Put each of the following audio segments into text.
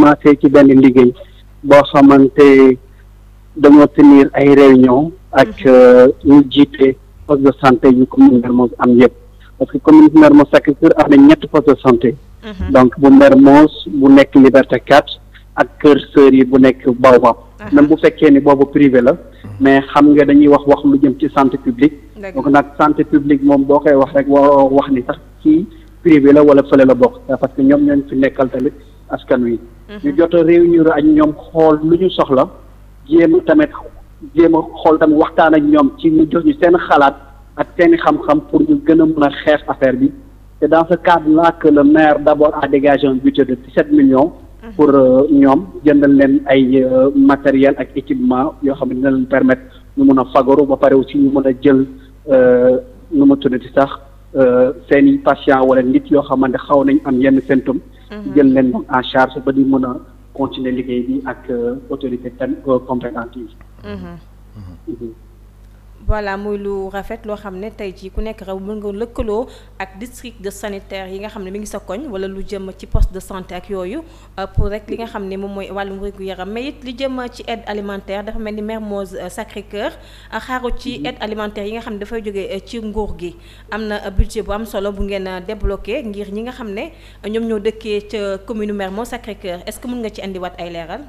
ma commencé ci benn liggéey boo xamante dañoo tenir ay réunion ak mhm. euh, ñu jiite poste de santé yu commune Mermoz am yëpp parce que commune Mermoz Sacré-Cœur am na ñetti poste de santé mhm. donc bu Mermoz bu nekk Liberté 4 ak Kër Sër yi bu nekk Baobab mhm. même bu fekkee ni boobu privé la mais xam nga dañuy wax wax lu jëm ci santé publique ko nag santé publique moom boo koy wax rek waroo wax ni sax ci privé la wala fële la bokk parce que ñoom ñooñ fi nekkal askan wi. Mhm. ñu jot a réunir ak ñoom xool lu ñu soxla jéem tamit jéem a xool tamit waxtaan ak ñoom ci ñu jox ñu seen xalaat ak seen xam-xam pour ñu gën a mën a xeex affaire bi c'est dans ce cadre-là que le maire d'abord a dégagé un budget de 17 millions. Mhm. pour euh, ñoom jëndal leen ay euh, matériel ak équipement yoo xam ne dina leen permettre ñu mun a fagaru ba pare aussi ñu mun a jël euh, nu ma tuddati sax seen i patients wala nit yoo xamante xaw nañ am yenn symptômes Mhm. jël leen moom en charge ba di mën a continuer liggéey bi ak euh, autorité euh, compétente yi mhm. mhm. voilà muy lu rafet loo xam ne tey jii ku nekk raw mën nga lëkkaloo ak district de sanitaire yi nga xam ne mi ngi sa koñ wala lu jëm ci poste de santé yooyu euh, pour rek li nga xam ne moom mooy wàllum wérgu yaram li jëm ci aide alimentaire dafa mel ni Mermoz euh, Sacré Cœur euh, xaaru ci mm-hmm. aide alimentaire yi nga xam ne dafay jógee ci nguur gi am na budget bu am solo bu ngeen débloqué ngir ñi nga xam ne ñoom ñoo dëkkee ca commune Mermoz Sacré Cœur ce que mën nga ci indiwaat ay leeral.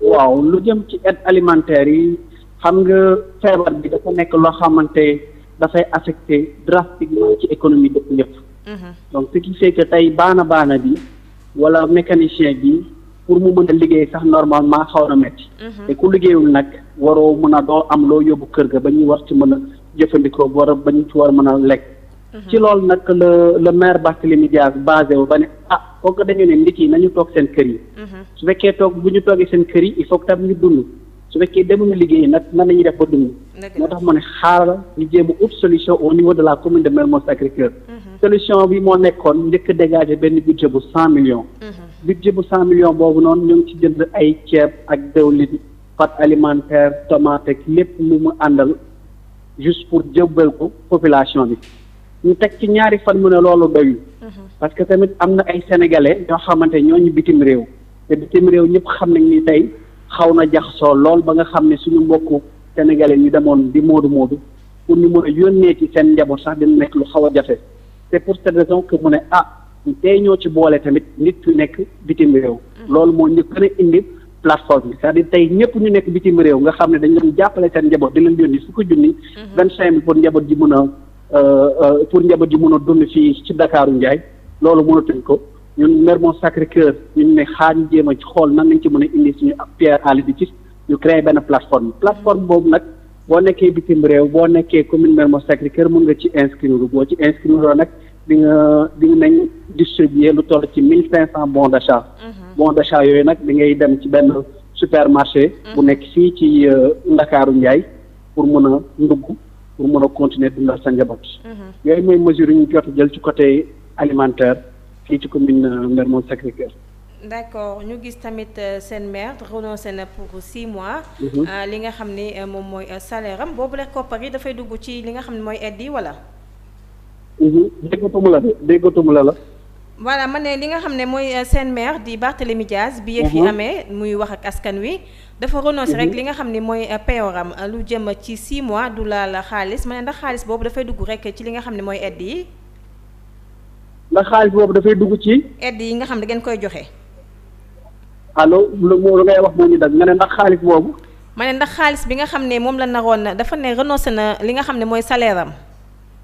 waaw lu jëm ci aide alimentaire yi. xam nga feebar bi dafa nekk loo xamante dafay affecté drastiquement ci économie dëkk yëpp mhm. donc ce qui fait baana baana bi wala mécanicien bi pour mu mën liggéey sax normalement xaw na métti mhm. te ku liggéeyul nag waroo mën a doo am loo yóbbu kër ga ba ñuy war ci mën a jëfandikoo war a ba war mën a lekk mhm. ci loolu nag le le maire Barthélémy Dias basé wu ba ne ah foog dañu ne nit yi nañu toog seen kër yi su fekkee toog bu ñu toogee seen kër yi il faut que tam ñu dund su fekkee demuñu liggéey nag nan na ñuy def ba dund. moo tax ma ne xaaral ñu jéem a ut solution au niveau de la commune de Mermoz Sacré-Cœur. Mhm. solution bi moo nekkoon njëkk a benn budget bu cent millions. Mhm. budget bu cent millions boobu noonu ñu ngi ci jënd ay ceeb ak dëwlin pâte alimentaire tomate ak lépp lu mu àndal juste pour jëbbal ko population bi. ñu teg ci ñaari fan mu ne loolu doyul. Mhm. parce que tamit am na ay sénégalais ñoo xamante ñoo ñu bitim réew. te bitim réew ñëpp xam nañ ni tey. xaw na soo lool ba nga xam ne suñu mbokku sénégalais ñu demoon di moodu moodu pour ñu mën a yónnee ci seen njaboot sax dina nekk lu xaw a jafe c'est pour cette raison mu ne ah tey ñoo ci boolee tamit nit ku nekk bitim réew mm-hmm. loolu moo ñu indi plateforme bi cest à tey ñëpp ñu nekk bitim réew nga xam ne dañ jàppale seen njaboot di leen yónni fukki junni mm-hmm. vingt cinq mille pour njaboot ji mën a euh, euh, pour njaboot ji mun a dund fii ci ndakaaru Njaay loolu mënatuñ ko ñu Mermoz Sacré-Cœur ñu ne xaar ñu jéem a xool na lañ ci mën a indi suñu pierre bi ci ñu créé benn plateforme plateforme boobu nag boo nekkee bitim réew boo nekkee commune Mermoz Sacré-Cœur mun nga ci inscrire boo ci inscrire nag di nga di nañ distribuer lu toll ci mille cinq cent bons d'achat mhm. bons d'achat yooyu nag di ngay dem ci benn supermarché mhm. bu nekk fii ci euh, Ndakaaru Njaay pour mën a ndugg pour mun a continuer dundal sa njaboot mhm. yooyu mooy mesure ñu jot jël ci côté alimentaire fii ci commune euh, Mermoz Sacré-Cœur. d' accord ñu gis tamit euh, seen maire renoncé na pour six mois. Mhm. Euh, li nga xam ne moom mooy salaire boobu la koppar yi dafay dugg ci li nga xam ne mooy aide yi wala. Mhm. déggatuma la déggatuma la la. voilà ma ne li nga xam ne mooy seen maire di Barthélémy Dias. bi yëf yi mhm. amee muy wax ak askan wi. dafa renoncé rek li nga xam ne mooy payoram lu jëm ci six mois du la xaalis ma ne ndax xaalis boobu dafay dugg rek ci li nga xam ne mooy aide yi. ndax xaalis boobu dafay dugg ci. aide yi nga xam ne ngeen koy joxe. allo lu lu ngay wax moo ñu dagg nga ne ndax xaalis boobu. ma ne ndax xaalis bi nga xam ne moom la naroon na dafa ne renoncé na li nga xam ne mooy salaire am.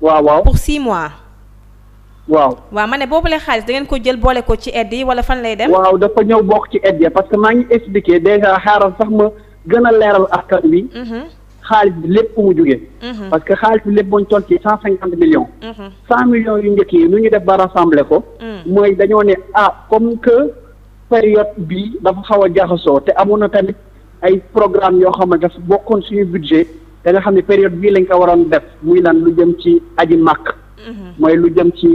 waaw waaw pour 6 mois. waaw waaw ma ne boobu la xaalis dangeen ko jël boole ko ci aide yi wala fan lay dem. waaw dafa ñëw book ci aide yi parce que maa ngi expliqué déjà xaaral sax ma gën a leeral askan bi. xaalis bi lépp fu mu jóge mhm. parce que xaalis bi lépp boo ñu toll ci cent cinquante millions mhm. cent millions yu njëkk yi nu ñu def ba rassembler ko mhm. mooy dañoo ne ah comme que période bi dafa xaw a jaxasoo te amoon na tamit ay programme yoo xam ne dafa bokkoon suñu budget da nga xam ne période bii lañ ko waroon def muy lan lu jëm ci aji màkk mooy lu jëm ci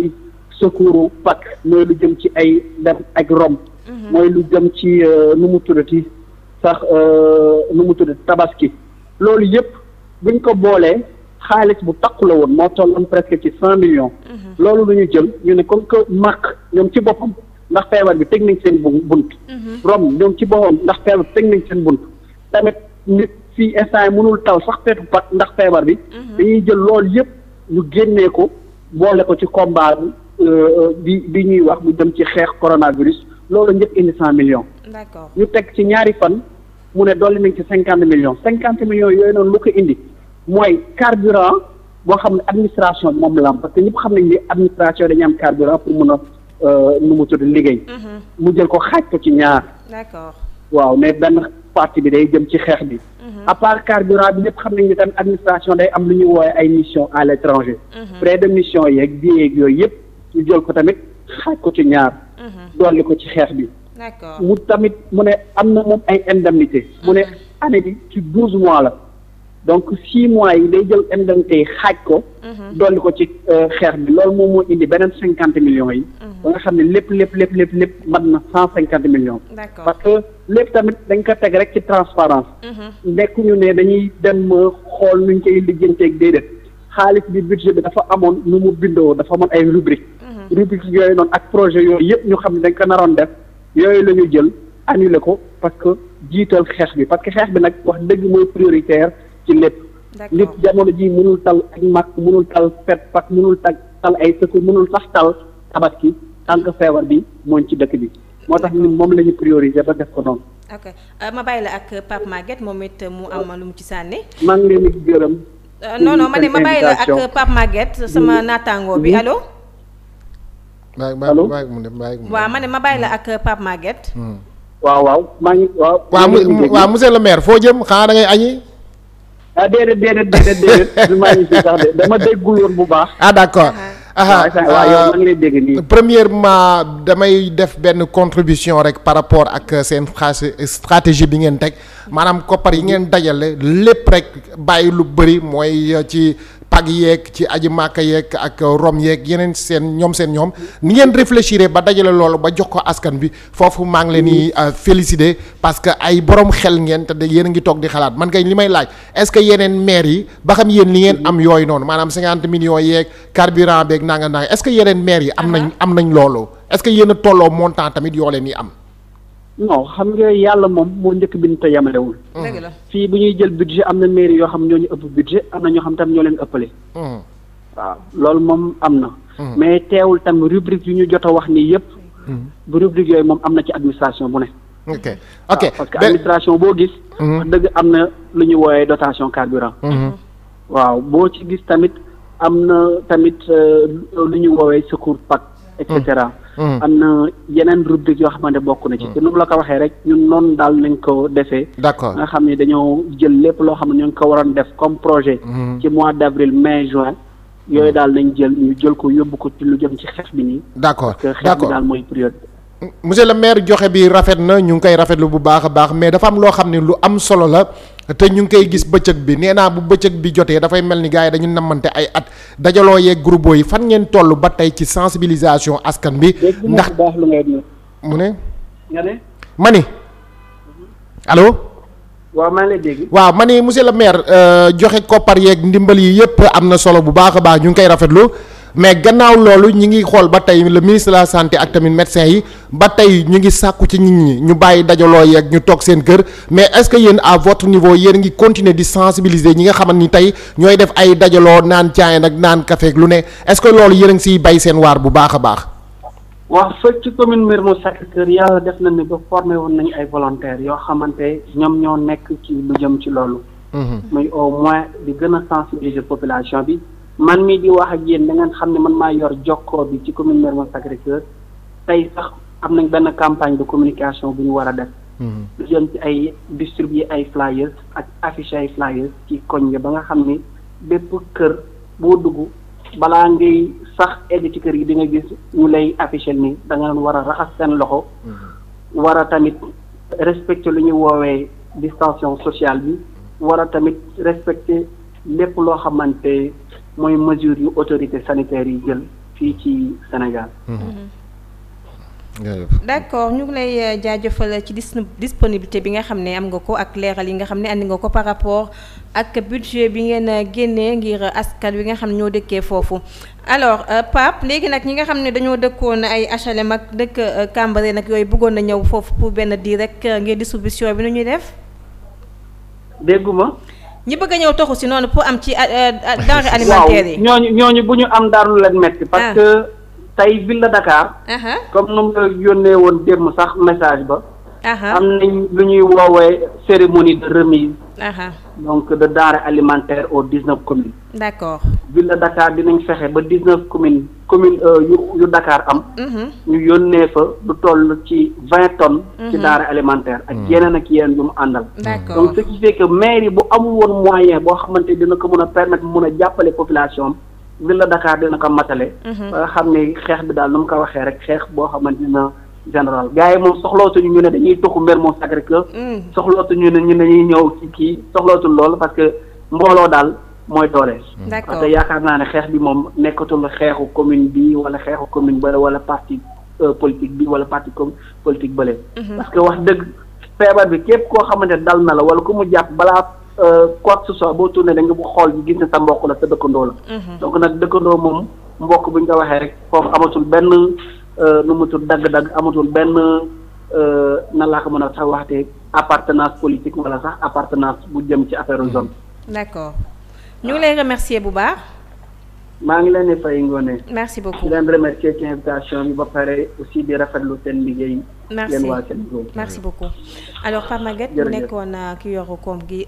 secours pak mooy lu jëm ci ay dem ak rom mooy lu jëm ci euh, nu mu tuddati sax euh, nu mu tuddati tabaski loolu yëpp buñ ko boolee xaalis bu takku la woon moo tolloon presque ci cent millions. Mhm. loolu lu ñu jël ñu ne comme que marque mhm. ñoom ci boppam ndax feebar bi teg nañ seen bunt. Rome ñoom ci boppam ndax feebar bi teg nañ tamit nit fii instant mënul taw sax peetu pat ndax feebar bi. Mhm. dañuy jël loolu yëpp ñu génnee ko boole ko ci combat bi euh, bi ñuy wax bu dem ci xeex coronavirus loolu njëkk indi cent million d'accord ñu teg ci ñaari fan. mu ne dolli nañ ci cinquante millions cinquante millions yooyu noonu lu ko indi mooy carburant boo xam ne administration moom la am parce que ñëpp xam nañ ni administration dañu am carburant pour mun a euh, nu mu tudd liggéey. Mm-hmm. mu jël ko xaaj ko ci ñaar. d'accord waaw mais benn partie bi day jëm ci xeex bi. Mm-hmm. à part carburant bi ñëpp xam nañ ñu tamit administration day am lu ñuy woowe ay mission à l'étranger. frais mm-hmm. de mission yeeg billets yeeg yooyu yëpp ñu jël ko tamit xaaj ko ci ñaar. dolli ko ci xeex bi. d'accord mu tamit mu ne am na moom ay indemnité mu ne année bi ci douze mois la donc six mois yi day jël indemnité yi xaaj ko mhm. dolli ko ci euh, xeex bi loolu moom moo indi beneen cinquante millions yi mhm. ba nga xam ne lépp lépp lépp lépp lépp mat na cent cinquante millions parce que lépp tamit dañ ko teg rek ci transparence mhm. nekkuñu ne dañuy dem xool nuñ koy lijjanteeg déedéet xaalis bi budget bi dafa amoon nu mu bindoo dafa amoon ay rubrique rubrique yooyu noonu ak projet yooyu yëpp ñu xam ne dañ ko naroon def yooyu la jël annulé ko parce que jiital xeex bi parce que xeex bi nag wax dëgg mooy prioritaire ci lépp. nit jamono ji mënul tal ak mag mënul tal fet pak mënul tag tal ay sëkku mënul sax tal tabat ki tànk feebar bi moom ci dëkk bi moo tax ni moom la ñu prioriser ba def ko noonu. ok euh, ma bàyyi la ak Pape Maguette moom it mu am lu mu ci sànni. maa ngi leen di gërëm. Euh, non non ma ne ma bàyyi la ak Pape Maguette sama naataango bi allo. allo bàyyi mu ma bàyyi la ak euh, Pape Maguette. Hmm. waaw waaw maa ngi waaw. waaw le maire foo jëm xanaa da ngay añi. Ah, dama déggul woon bu baax. ah d'accord. aha ah, waaw yow premièrement damay def benn contribution rek par rapport ak euh, seen stratégie bi ngeen teg maanaam koppar yi ngeen dajale lépp rek bàyyi lu bëri mooy euh, ci. ak yeeg ci aji màkka yeeg ak rom yeeg yeneen seen ñoom seen ñoom ni ngeen réfléchir ba dajale loolu ba jox ko askan bi foofu maa ngi leen di mm. euh, féliciter parce que ay borom xel ngeen te yéen a ngi toog di xalaat man kay li may laaj est-ce que yeneen maire yi ba xam yéen li ngeen am yooyu noonu maanaam cinquante millions yeeg carburant beeg nanga nanga est-ce que yeneen maire yi am nañ am nañ loolu est-ce que a tolloo montant tamit yoo leen yi am non xam nga yàlla moom moo njëkk bind te yemalewul. Mm-hmm. dëgg la fii bu ñuy jël budget am na mairie yoo xam ñoo ñu ëpp budget am na ñoo xam tam ñoo leen ëppale. Mm-hmm. waaw loolu moom am na. Mm-hmm. mais teewul tam rubrique yu ñu jot a wax nii yëpp. bu rubrique yooyu moom am na ci administration bu ne. ok ok parce que administration boo gis. dëgg am na lu ñu wooyee dotation carburant. waaw boo ci gis tamit am na tamit euh, lu ñu woowee secours pack et Mm-hmm. am na yeneen rubrique yoo xamante bokk na ci mm-hmm. te nu mu la ko waxee rek ñun noonu daal nañ ko defee d'accord nga xam ni dañoo jël lépp loo xam ne ñu ngi ko waroon def comme projet mm-hmm. ci mois d'avril mai juin yooyu daal nañ jël ñu jël ko yóbbu ko ci lu jëm ci xeex bi nii d'accord parce que xeex bi daal mooy période monsieur le maire joxe bi rafet na ñu ngi koy rafetlu bu baax a baax mais dafa am loo xam ne lu am solo la te ñu ngi koy gis bëccëg bi nee naa bu bëccëg bi jotee dafay mel ni gars yi dañu namante ay at dajaloo yeeg groupe yi fan ngeen toll ba tey ci sensibilisation askan bi. ndax baax lu ngay mu ne. nga ne. ma ni. allo. waaw maa ngi lay dégg. waaw ma ni monsieur le maire euh, joxe koppar yeeg ndimbal yi yëpp am na solo bu baax a baax ñu ngi koy rafetlu. mais gannaaw loolu ñi ngi xool ba tey le ministre la santé ak tamit médecin yi ba tey ñu ngi sàkku ci nit ñi ñu bàyyi dajaloo yeeg ñu toog seen kër mais est-ce que yéen à votre niveau yéen ngi continuer di sensibiliser ñi nga xamante ni tey ñooy def ay dajaloo naan caay nag naan café lu ne est-ce que loolu yéen a ngi siy bay seen waar bu baax a baax. waaw fëcc ci commune Mermoz Sacré-Cœur yàlla def na ni ba formé woon nañu ay volontaires yoo xamante ñoom ñoo nekk ci lu jëm ci loolu. muy mhm. au moins di gën a sensibiliser population bi. man mii di wax ak yéen da xam ne man maa yor jokkoo bi ci commune Mermoz Sacré-Cœur agriculture tey sax am nañ benn campagne de communication bu ñu war a def. Mm-hmm. lu jëm ci ay distribuer ay flyers ak afficher ay flyers ci koñ ba nga xam ni bépp kër boo dugg balaa ngay sax egg ci kër gi di nga gis ñu lay afficher nii da nga war a raxas seen loxo. Mm-hmm. war a tamit respecter lu ñuy woowee distanciation sociale bi. war tamit respecter lépp loo xamante. mooy mesure yu autorité sanitaire yu jël fii ci Sénégal. Mhm. Mhm. d' accord ñu ngi lay euh, jaajëfal ci dis disponibilité bi nga xam ne am nga ko ak leeral yi nga xam ne andi nga ko par rapport ak budget bi ngeen euh, génnee ngir askan wi nga xam ne ñoo dëkkee foofu. alors euh, Pape léegi nag ñi nga xam ne dañoo dëkkoon ay HLM ak dëkk Cambérène nag yooyu bëggoon na ñëw foofu pour benn di rek ngir distribution bi nu ñuy def. dégguma ñi bëgg a ñëw toxu si noonu pour am ci euh, euh, euh, denrée alimentaire yi ñooñu ñooñu bu ñu am dara lu leen metti ah. parce que tey ville de Dakar uh-huh. comme nu mu la yónnee woon démb sax message ba am nañ lu ñuy woowee cérémonie de remise donc de denrées alimentaires aux dix neuf communes d'accord ville de Dakar dinañ fexe ba dix commune communes commune euh, yu yu Dakar am mhm. ñu yónnee fa lu toll ci vingt tonnes ci mhm. daara alimentaire ak mhm. yeneen ak yeneen yu mu àndal donc ce qui fait que bu amul woon moyen boo xamante dina ko mën a permettre mu mën a jàppale population am ville de Dakar dina ko matale ba xam ne xeex bi daal nu mu ko waxee rek xeex boo xamante na général gars yi moom soxlootuñu ñu ne dañuy toxu mbir moom Sacré-Cœur mm. soxlootuñu ne ñu dañuy ñëw kii soxlootul lool parce que mbooloo daal mooy doole. Mm. d'accord te yaakaar naa ne xeex bi moom nekkatul xeexu commune bi wala xeexu commune ba wala parti euh, politique bi wala parti comme politique bële. Mm-hmm. parce que wax dëgg feebar bi képp koo xamante dal na la wala ku mu jàpp balaa euh, quoi que ce soit boo tourné da xool bi gis ne sa mbokk la sa dëkkandoo la. Mm-hmm. donc nag dëkkandoo moom mbokk ko waxee Euh, nu mu tudd dagg-dagg amatul benn euh, na laa ko mën a sax waxte appartenance politique wala sax appartenance bu jëm ci affaire zone. Mm-hmm. d'accord ñu ngi lay remercier bu baax. maa ngi leen di fay ngoone. merci beaucoup di leen remercier ci invitation bi ba pare aussi di rafetlu seen liggéey. merci yéen waa seen merci beaucoup alors Pape euh, ki yoru koom gi.